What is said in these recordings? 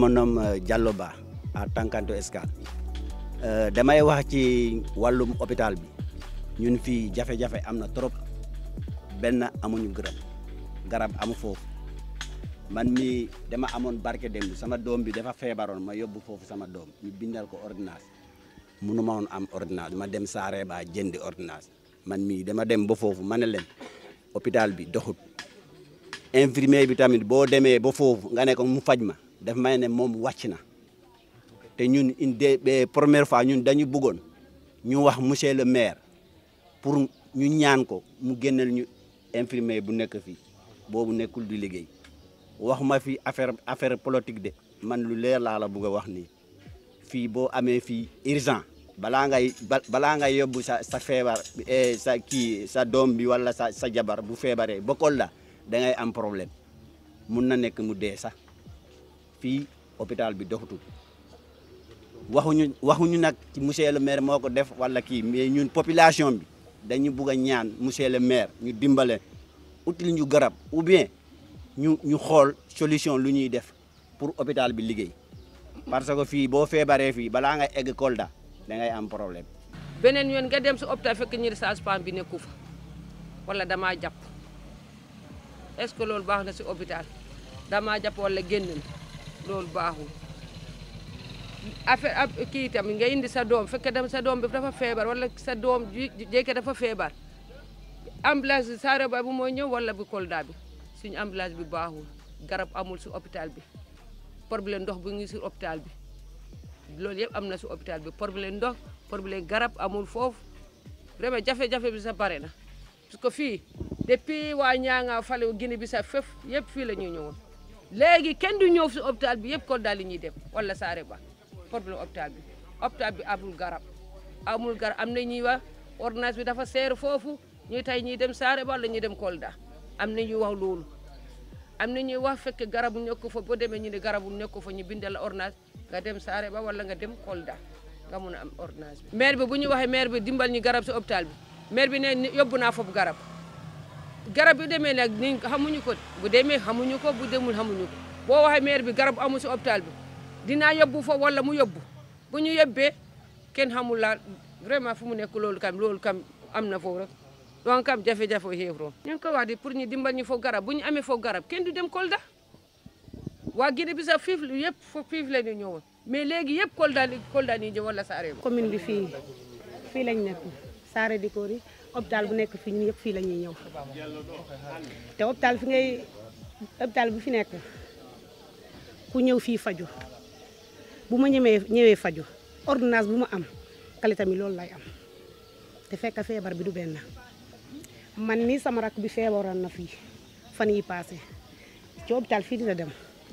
me nomme euh, Diallo Ba a Tankanto Escale euh, damay wax ci wàllum hôpital bi ñun fii jafe-jafe am na trop benn amuñu garab garab amu foofu man mi dama amoon barke démb sama doom bi dafa feebaroon ma yóbbu foofu sama doom ñu bindal ko ordonnance munu ma am ordonnance ma dem saaree ba jëndi ordonnance man mii dama dem ba foofu ma ne leen hôpital bi doxut infirmier bi tamit boo demee ba foofu nga ne ko mu faj ma def may ne moom wàcc na te ñun une première fois ñun dañu bëggoon ñu wax monsieur le maire pour ñu ñaan ko mu génneel ñu infirmier bu nekk fii boobu nekkul di liggéey wax ma fi affaire affaire politique de man lu leer laa la bëgg a wax nii fii boo amee fii urgent bala ngay balaa ngay yóbbu sa sa feebar eh, sa kii sa doom bi wala sa sa jabar bu feebaree bokkol la da ngay am problème mun na nekk mu dee sax fii hôpital bi doxatul waxuñu waxuñu nag ci monsieur le maire moo ko def wala kii mais ñun population bi dañu bugg a ñaan monsieur le maire ñu dimbale util ñu garab ou bien ñu ñu xool solution lu ñuy def pour hôpital bi liggéey parce que fii boo feebaree fii balaa nga egg Kolda da ngay am problème. beneen yoon nga dem si hôpital fekk ñu saa sage-femme bi nekku fa wala damaa jàpp est-ce que loolu baax na si hôpital damaa jàpp walla génn loolu baaxul affaire kii itam nga indi sa doom fekke da sa doom bi dafa feebar wala sa doom jekke dafa feebar ambulance bi Saraba bi mooy ñëw walla bi Kolda bi suñu ambulance bi baaxul garab amul si hôpital bi problème ndox bi ngi si hôpital bi loolu yëpp am na si hôpital bi problème ndox problème garab amul foofu vraiment jafe-jafe bi sa bare na parce que fii depuis waa ñaanga fale Guinée bi sa fépp yëpp fii la ñuy ñëwoon léegi kenn du ñëw si hôpital bi yëpp Kolda li ñuy dem wala Saare ba problème hôpital bi hôpital bi abul garab amul garab am na ñuy wax ordinage bi dafa seer foofu ñuy tey ñuy dem Saare ba wala ñuy dem Kolda am na ñuy wax loolu am na ñuy wax fekk garabu nekk fa boo demee ñu ne garabu nekk fa ñu bindal la ordonnance nga dem Saare ba wala nga dem Kolda nga mun am ordinage bi maire bi bu ñu waxee maire bi dimbal ñu garab si hôpital bi maire bi ne yóbbu naa foofu garab garab yu demee nag ni xamuñu ko bu demee xamuñu ko bu demul xamuñu ko boo waxee bi garab amu si hôpital bi dinaa yóbbu fa wala mu yóbbu bu ñu yóbbee kenn xamul laa vraiment fu mu nekk loolu kam loolu kam am na foofu rek donc kam jafe-jafe xeexoo ñu ngi ko wax di pour ñu dimbal ñu fo garab bu ñu amee foofu garab kenn du dem Kolda waa Guinée Bissau fiif yëpp foofu fiif la ñu ñëwoon mais léegi yëpp Kolda Kolda ni ñëw wala Saare commune bi fii fii lañ nekk Saare Dikoori hôpital bu nekk fii ñun yëpp fii la ñuy ñëw te hôpital fi ngay hôpital bu fi nekk ku ñëw fii faju bu ma ñemee ñëwee faju ordonnance bu ma am kale tamit loolu lay am te fekk feebar bi du benn man ni sama rakk bi feebaroon na fii fan yi paase ci hôpital fii dina dem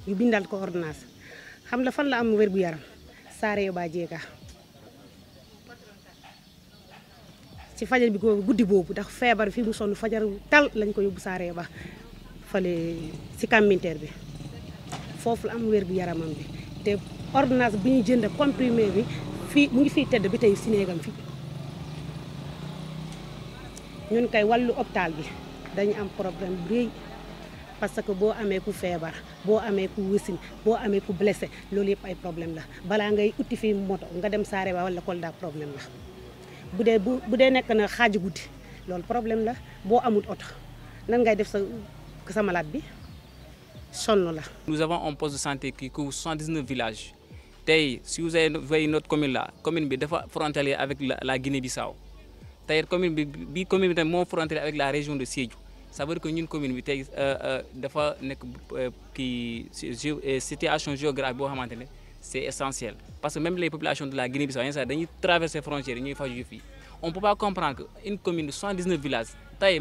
ñu bindal ko ordonnance xam la fan la am wér-gu-yaram saare yo ba jeega ci fajar bi googu guddi boobu ndax feebar fii mu sonn fajar tal lañ ko yóbbu saaree ba fale si caminteer bi foofu la am wér gu yaramam bi te ordonnance bi ñuy jënd comprimé bi fii mu ngi fii tëdd bi tey si néegam fi ñun kay wàllu hôpital bi dañu am problème bu rëy parce que boo amee ku feebar boo amee ku wësin boo amee ku blessé loolu yëpp ay problème la balaa ngay utti fii moto nga dem saare ba wala Kolda problème la bu dee bu bu dee nekk na xaaju guddi loolu problème la boo amul oto nan ngay def sa sa malade bi sonn la. nous sa un poste de santé qui couvre 79 villages tey si vous avez voyez notre commune la commune bi dafa frontalier avec la la Guinée-Bissau tey commune bi bi commune bi moo frontalier avec la région de Sédhiou ça que ñun commune bi tey euh, euh, dafa nekk euh, kii situation géographique boo xamante ne. c'est essentiel parce que même les populations de la Guinée-Bissau yenn saa dañuy traverser frontières yi ñuy faju on peut pas comprendre que une commune de 79 villages tey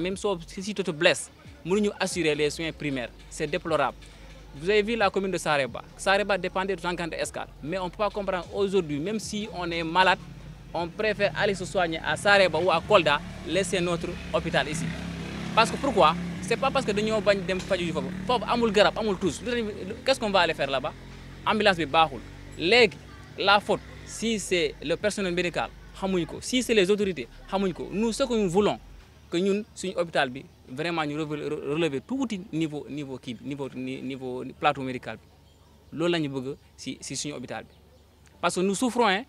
si tu te blesses mënuñu assurer les soins primaires c'est déplorable vous avez commune de Sareba Sareba dépendait de Tonkante Escale mais on peut pas comprendre aujourd'hui même si on est malade on préfère aller se soigner à Sareba ou à Kolda laisser notre hôpital ici parce que pourquoi léegi la faute si c'est le personnel médical xamuñ ko si c'est les autorités xamuñ ko nous ce que nous que ñun suñu hôpital bi vraiment ñu relever tuuti niveau niveau kii bi niveau niveau plateau médical bi loolu la ñu bëgg si si suñu hôpital bi parce que nous souffrons hein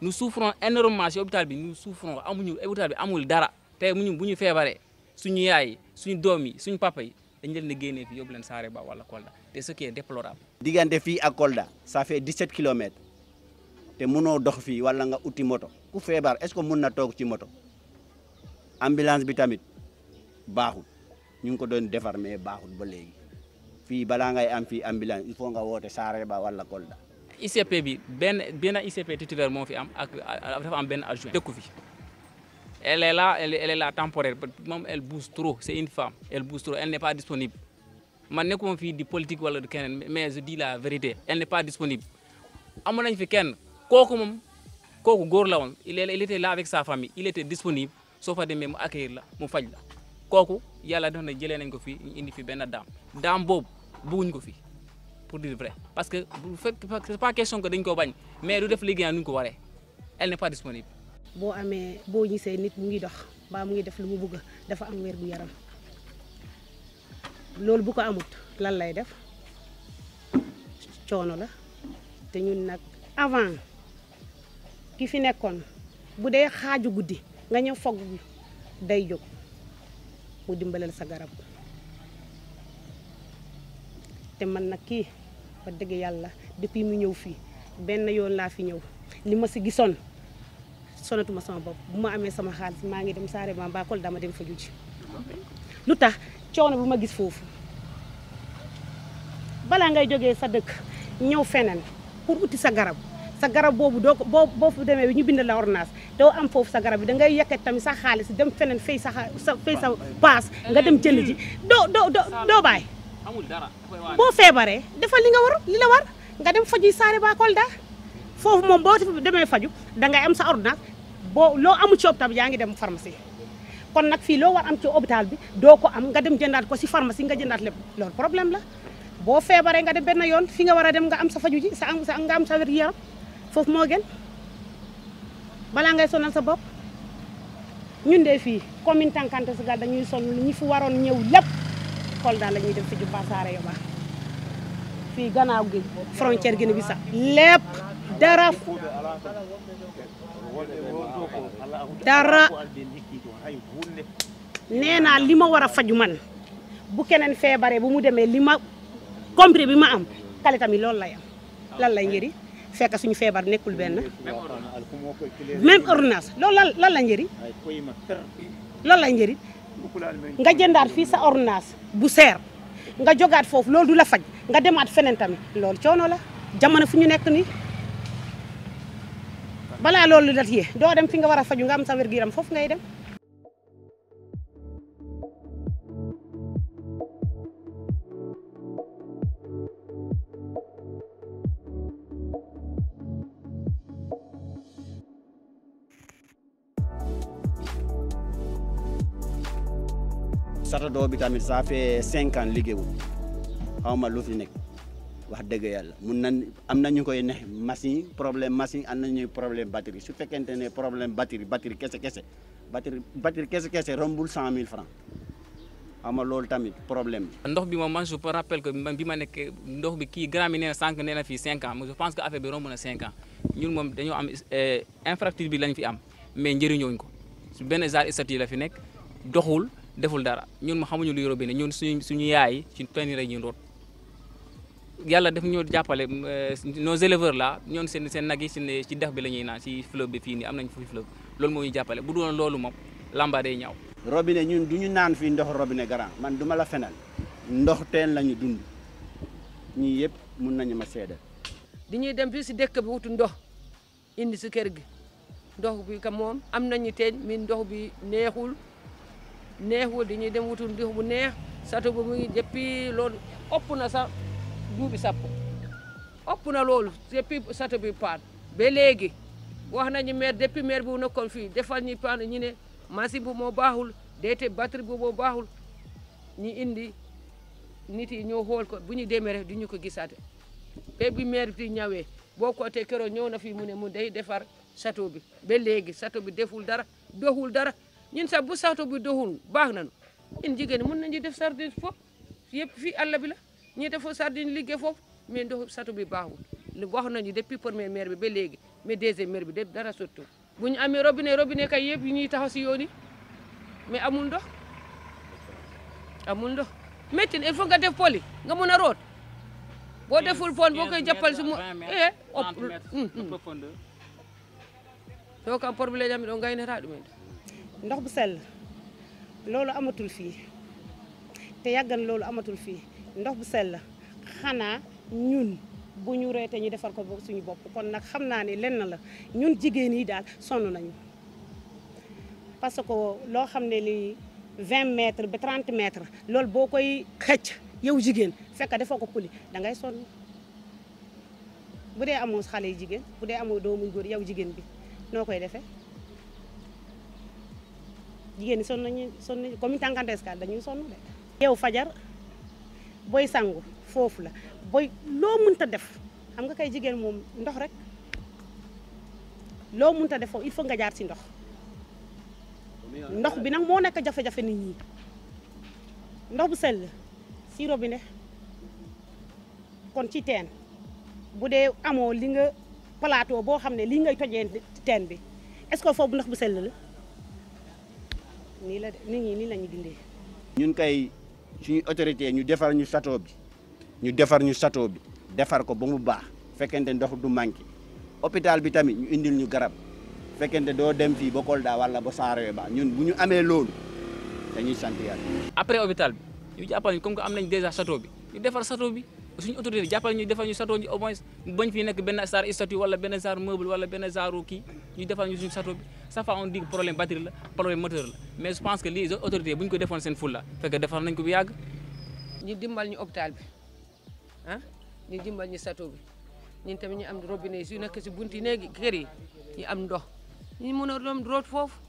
nous souffrons énormément si hôpital bi nous souffrons amuñu hôpital bi amul dara te muñu bu ñu feebaree suñu yaay yi suñu doom yi suñu papa yi dañu leen di génnee fi yóbbu Saare ba wala Kolda te ce qui est déplorable diggante fii ak Kolda ça fait 17 kilomètres te munoo dox fii wala nga uti moto ku feebar est-ce que mun na toog ci moto ambulance bi tamit baaxul ñu ngi ko doon defar mais baaxul ba léegi fii balaa ngay am fii ambulance il faut nga woote Sareba wala Kolda. ICP bi benn benn ICP titulaire moo fi am ak dafa am benn adjoint dëkku fi elle est là elle est là temporaire moom elle bouge trop c'est une femme elle pas disponible. man nekkuma fii di politique wala du keneen mais je dis la vérité elle n'est pas disponible amoon nañ fi kenn kooku moom kooku góor la woon il il était là avec sa fami il était disponible soo fa demee mu accueillir la mu faj la kooku yàlla def na jëlee nañ ko fii ñu indi fi benn daam daam boobu bëgguñ ko fi pour dire vrai parce que bu fekk c'est pas question que dañ ko bañ mais du def liggéeyam nu ñu ko waree elle n'est pas disponible. boo amee boo gisee nit mu ngi dox mbaa mu ngi def lu mu bëgg dafa am wér gu yaram. loolu bu ko amut lan lay def coono la te ñun nag avant ki fi nekkoon bu dee xaaju guddi nga ñëw fogg day jóg mu la sa garab te man nag kii wax dëgg yàlla depuis mu ñëw fii benn yoon laa fi ñëw li ma si gisoon sonatuma sama bopp bu ma amee sama xaalis maa ngi dem saare ba mbaa Kolda dama dem fa juji lu tax coono bu ma gis foofu balaa ngay jógee sa dëkk ñëw feneen pour uti sa garab sa garab boobu doo ko boo boo fu demee ñu bind la ordonnance doo am foofu sa garab bi da ngay yekkat tamit sa xaalis dem feneen fay sa sa fay sa paas nga dem jënd ji doo doo doo bàyyi boo feebaree defal li nga war li la war nga dem faju saare ba Kolda foofu moom boo demee faju dangay am sa ordonnance boo loo amu ci hôpital yaa ngi dem pharmacie kon nag fii loo war am ci hôpital bi doo ko am nga dem jëndaat ko si pharmacie nga jëndaat lépp loolu problème la boo feebaree nga dem benn yoon fi nga war a dem nga am sa faju ji sa am sa nga am sa wér yaram foofu moo gën balaa ngay sonal sa bopp ñun de fii commune Tànkante Sugal dañuy sonn ñi fi waroon ñëw lépp Kolda la ñuy dem fi ju Bassare Yoba fii gannaaw gi frontière Guinée Bissau lépp dara dara nee naa li ma war a faju man bu keneen feebaree bu mu demee li ma compris bi ma am kale tamit loolu lay am lan lay njëriñ fekk suñu feebar nekkul benn même ordonnance loolu lan lan la njëriñ lan lay njëriñ nga jëndaat fii sa ordonnance bu seer nga jogaat foofu loolu du la faj nga demaat feneen tamit loolu coono la fu ñu nekk nii balaa loolu dat doo dem fi nga war a faju nga am sa wér-gu-yaram foofu ngay dem sata doo bi tamit ça cinq ans liggéeyul xaw ma lu nekk wax dëgg yàlla mun na am na ñu koy nex machine problème machine am na ñuy problème batterie su fekkente ne problème batterie batterie kese kese batterie batterie kese kese rombul cent mille francs ama loolu tamit problème ndox bi moom man je me rappelle que bi ma nekk ndox bi kii grand bi nee na sànq fii cinq ans je pense que affaire bi romb na cinq ans ñun moom dañoo am euh, infrastructure bi lañ fi am mais njëriñooñ ko benn genre statut la fi nekk doxul deful dara ñun ma xamuñu luy robinet ñun suñu suñu yaay ci tenn rek ñu root yàlla daf ñoo jàppale euh, nos éleveurs là ñoon seen seen nag yi seen ci bi la ñuy naan si fleuve bi fii nii am nañ fi fleuve loolu moo ñu jàppale bu doon loolu moom lamba day ñaaw robinet ñu du ñu naan fii ndox robinet grand man du ma la fenal ndox teen la ñu dund ñii yëpp mun nañu ma seedal di ñuy dem fii si dëkk bi wutu ndox indi si kër gi ndox bi ka moom am nañu teen mi ndox bi neexul neexul di ñuy dem wutu ndox bu neex sato bu mu ngi depuis loolu ëpp na sa duubi sapp ëpp na loolu depuis sato bi paan ba léegi wax nañu maire depuis maire bu nekkoon fii defal ñu paan ñu ne machine bu moo baaxul dete batri bu moo baaxul ñu indi nit yi ñoo ko bu ñu demere rek ñu ko gisaate ba bi maire bi ñawee boo ko te keroog ñëw na fii mu ne mu day defar sato bi ba léegi sato bi deful dara doxul dara ñun sax bu sato bi doxul baax nañu ñun jigéen mun mën nañu def sardine foofu yëpp fii àll bi la ñi defoo sardine liggéey foofu mais ndox satu bi baaxul wax nañu depuis premier maire bi ba léegi mais deuxième maire bi de dara surtout bu ñu amee robinet robinet kay yëpp yi ñuy taxaw si yoon yi mais amul ndox amul ndox métti il def poli nga mun a root boo deful pon boo koy jàppal si mu eh op mm, mm. soo ko am problème damit o gaynata ɗumen ndox bu sel loolu amatul fii te yàggan loolu amatul fii ndox bu sell la xanaa ñun bu ñu te ñu defar ko suñu bopp kon nag xam naa ne lenn la ñun jigéen yi daal sonn nañu parce que loo xam ne li 20 mètres ba 30 mètres loolu boo koy xëcc yow jigéen fekk defoo ko puli da ngay sonn bu dee amoo xale yu jigéen bu dee amoo doomu góor yow jigéen bi noo koy defee jigéen ñi sonn nañu sonn nañu commune Tankanteska dañuy sonn de. yow fajar. booy sangu foofu la booy loo mënta def xam nga kay jigéen moom ndox rek loo mënta def foofu il nga jaar si ndox ndox bi nag moo nekk jafe-jafe nit ñi ndox bu sell si robine kon ci teen bu dee amoo li nga palaatoo boo xam ne lii ngay tojee teen bi est-ce que foofu ndox bu sell la nii la de nit ñi nii la ñu dindee ñun kay suñu autorité ñu defar ñu château bi ñu defar ñu château bi defar ko ba mu baax fekkente ndox du manqué hôpital bi tamit ñu indil ñu garab fekkente doo dem fii ba Kolda wala ba Saaree ba ñun bu ñu amee loolu dañuy sant yàlla. après hôpital bi ñu jàppal ñu comme que am nañ déjà château bi ñu defar château bi. suñu autorité yi jàppale ñu defal ñu château ñu au moins bañ fi nekk benn genre statue wala ñu defal ñu suñu bi chaque fois on dit problème batterie la problème moteur la mais je pense que lii autorité bu ñu ko seen fulla fekk defar nañ ko bu yàgg ñu dimbal ñu hôpital bi ah ñu dimbal ñu château bi ñun tamit ñu am robinet su nekk si bunti néegi kër yi am ndox ñu mën a doom root foofu